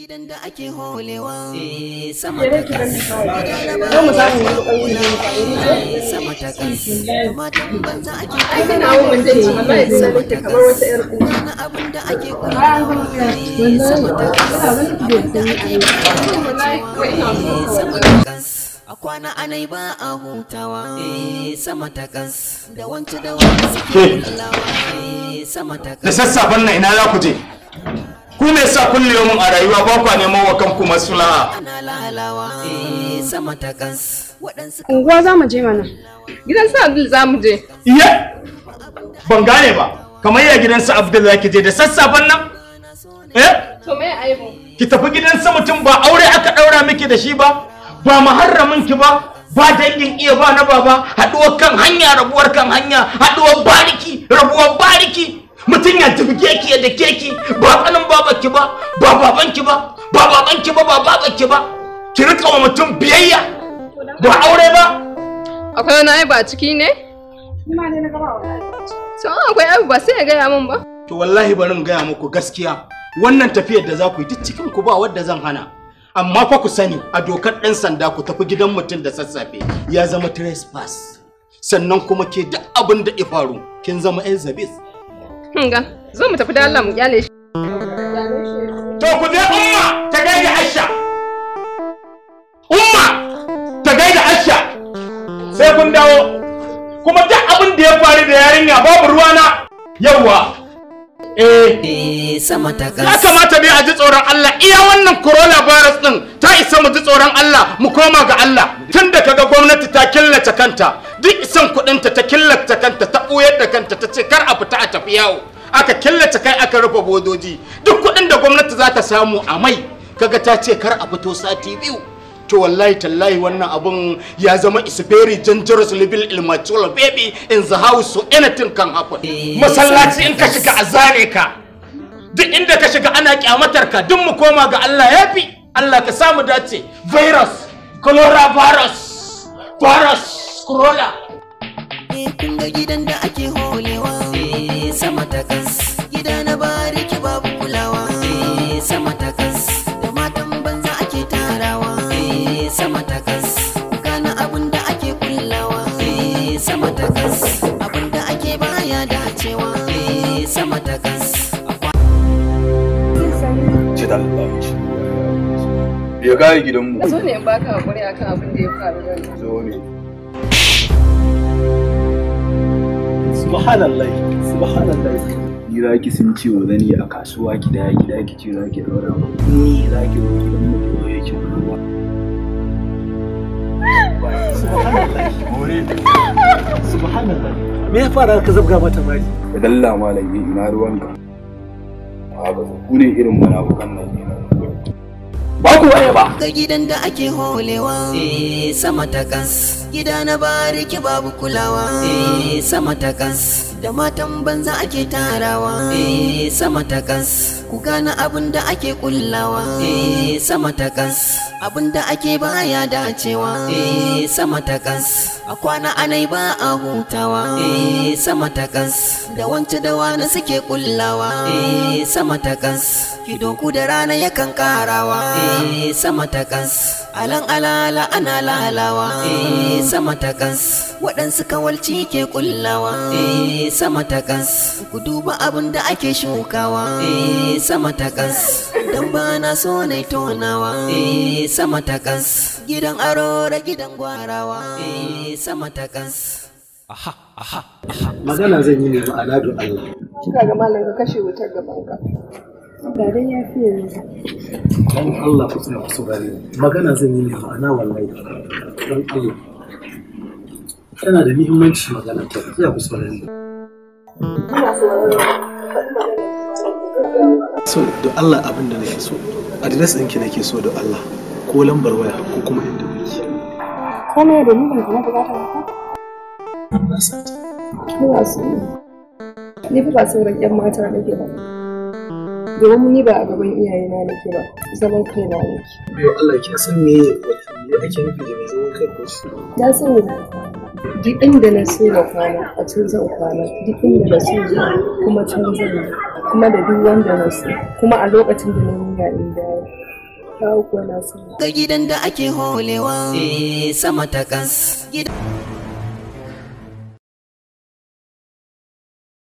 Gidan da ake holewa eh, sama ta sama ta matan banza ake sama ta wani abin da ake eh, sama ta abin da ake eh, sama ta a kwana anai ba a hutawa sama takas da wancan da wani suke lawa sama takas da sassafen na ina za ku je ku me sa kulle mun a rayuwa ba kwa neman wa kanku maslaha eh, unguwa za mu je mana gidan su abdul za mu je iya ban gane ba kamar ya gidan su abdul za ki je da sassafen nan eh to me mu? ki tafi gidan su mutum ba aure aka daura miki da shi ba ba muharramin ki ba ba dangin iya ba na baba haduwar kan hanya rabuwar kan hanya haduwar bariki rabuwar babanki ba ba babanki ba ba babanki ba ki rika wa mutum biyayya ba aure ba akwai wani aibu a ciki ne to akwai aibu ba sai ya gaya min ba to wallahi bari in gaya muku gaskiya wannan tafiyar da za ku yi duk cikin ku ba wadda zan hana amma fa ku sani a dokar ɗan sanda ku tafi gidan mutum da sassafe ya zama trespass sannan kuma ke duk abin da ya faru kin zama yan zabis. Ga zo mu tafi da Allah mu kyale shi. sai kun dawo kuma duk abin da ya faru da yarinya babu ruwana yawwa eh sama ta ya kamata ne a ji tsoron Allah iya wannan coronavirus din ta isa mu ji tsoron Allah mu koma ga Allah tun da kaga gwamnati ta killace kanta duk isan kudinta ta killace kanta ta ɓoyar da kanta ta ce kar a fita a tafi yawo aka killace kai aka rufe bodoji duk kudin da gwamnati za ta samu a mai kaga ta ce kar a fito sati biyu to wallahi tallahi wannan abun ya zama is very dangerous level immature baby in the house so anything can happen eh, masallaci in ka shiga azare ka duk inda ka shiga ana kyamatar ka duk mu koma ga Allah ya fi, Allah ka samu dace virus cholera virus virus corona eh, da Allah ya kare gidanmu zo ne in baka hakuri akan abin da ya faru da zo ne subhanallah subhanallah ni za ki sun ce wa zani a kasuwa ki daya gida ki ce za ki daura ba ni za ki zo gidan mu ko ya ki ruwa subhanallah me ya fara ka zabga mata mari da dalla malami ina ruwanka ku ne irin munafukan nan ne ba ku waye ba ga gidan da ake holewa eh, sama ta kas gida na bariki babu kulawa eh, sama ta kas da matan banza ake tarawa eh, sama ta kas ku gane abin da ake kullawa sama ta kas abin da ake baya dacewa sama ta kas a kwana anai ba a hutawa eh sama takas. da wance da wani suke kullawa eh sama takas. kas kidoku da rana yakan karawa eh sama takas. alan alala ana lalawa eh sama takas. waɗansu kawalci ke kullawa eh sama takas. ku duba abin da ake shukawa eh sama takas. dan ba na so na tonawa eh sama takas gidan aro da gidan gwarawa eh, sama takas aha aha magana zan yi ne ladu da Allah kika ga malam ka kashe wutar gaban ka ga dai ya fiye yanzu. dan Allah ku tsaya ku saurare magana zan yi ne ana wallahi dan Allah tana da muhimmanci magana ta tsaya ku saurare ina so da Allah abin da nake so address ɗinki nake so da Allah ko lambar waya ko kuma inda Ko kana da nuna kana da bata wata na ba su ne. ni ba sauran yan mata nake ba domin ni ba a gaban iyayena nake ba zaman kai na nake yo Allah kin san me wato ake nufi da zaman kai ko su na san ne duk inda na so na kwana a can zan kwana duk inda na so kuma can zan kuma da duk wanda na so kuma a lokacin da na nuna in dawo Kawo Ga gidan da ake holewa eh, sama ta kas.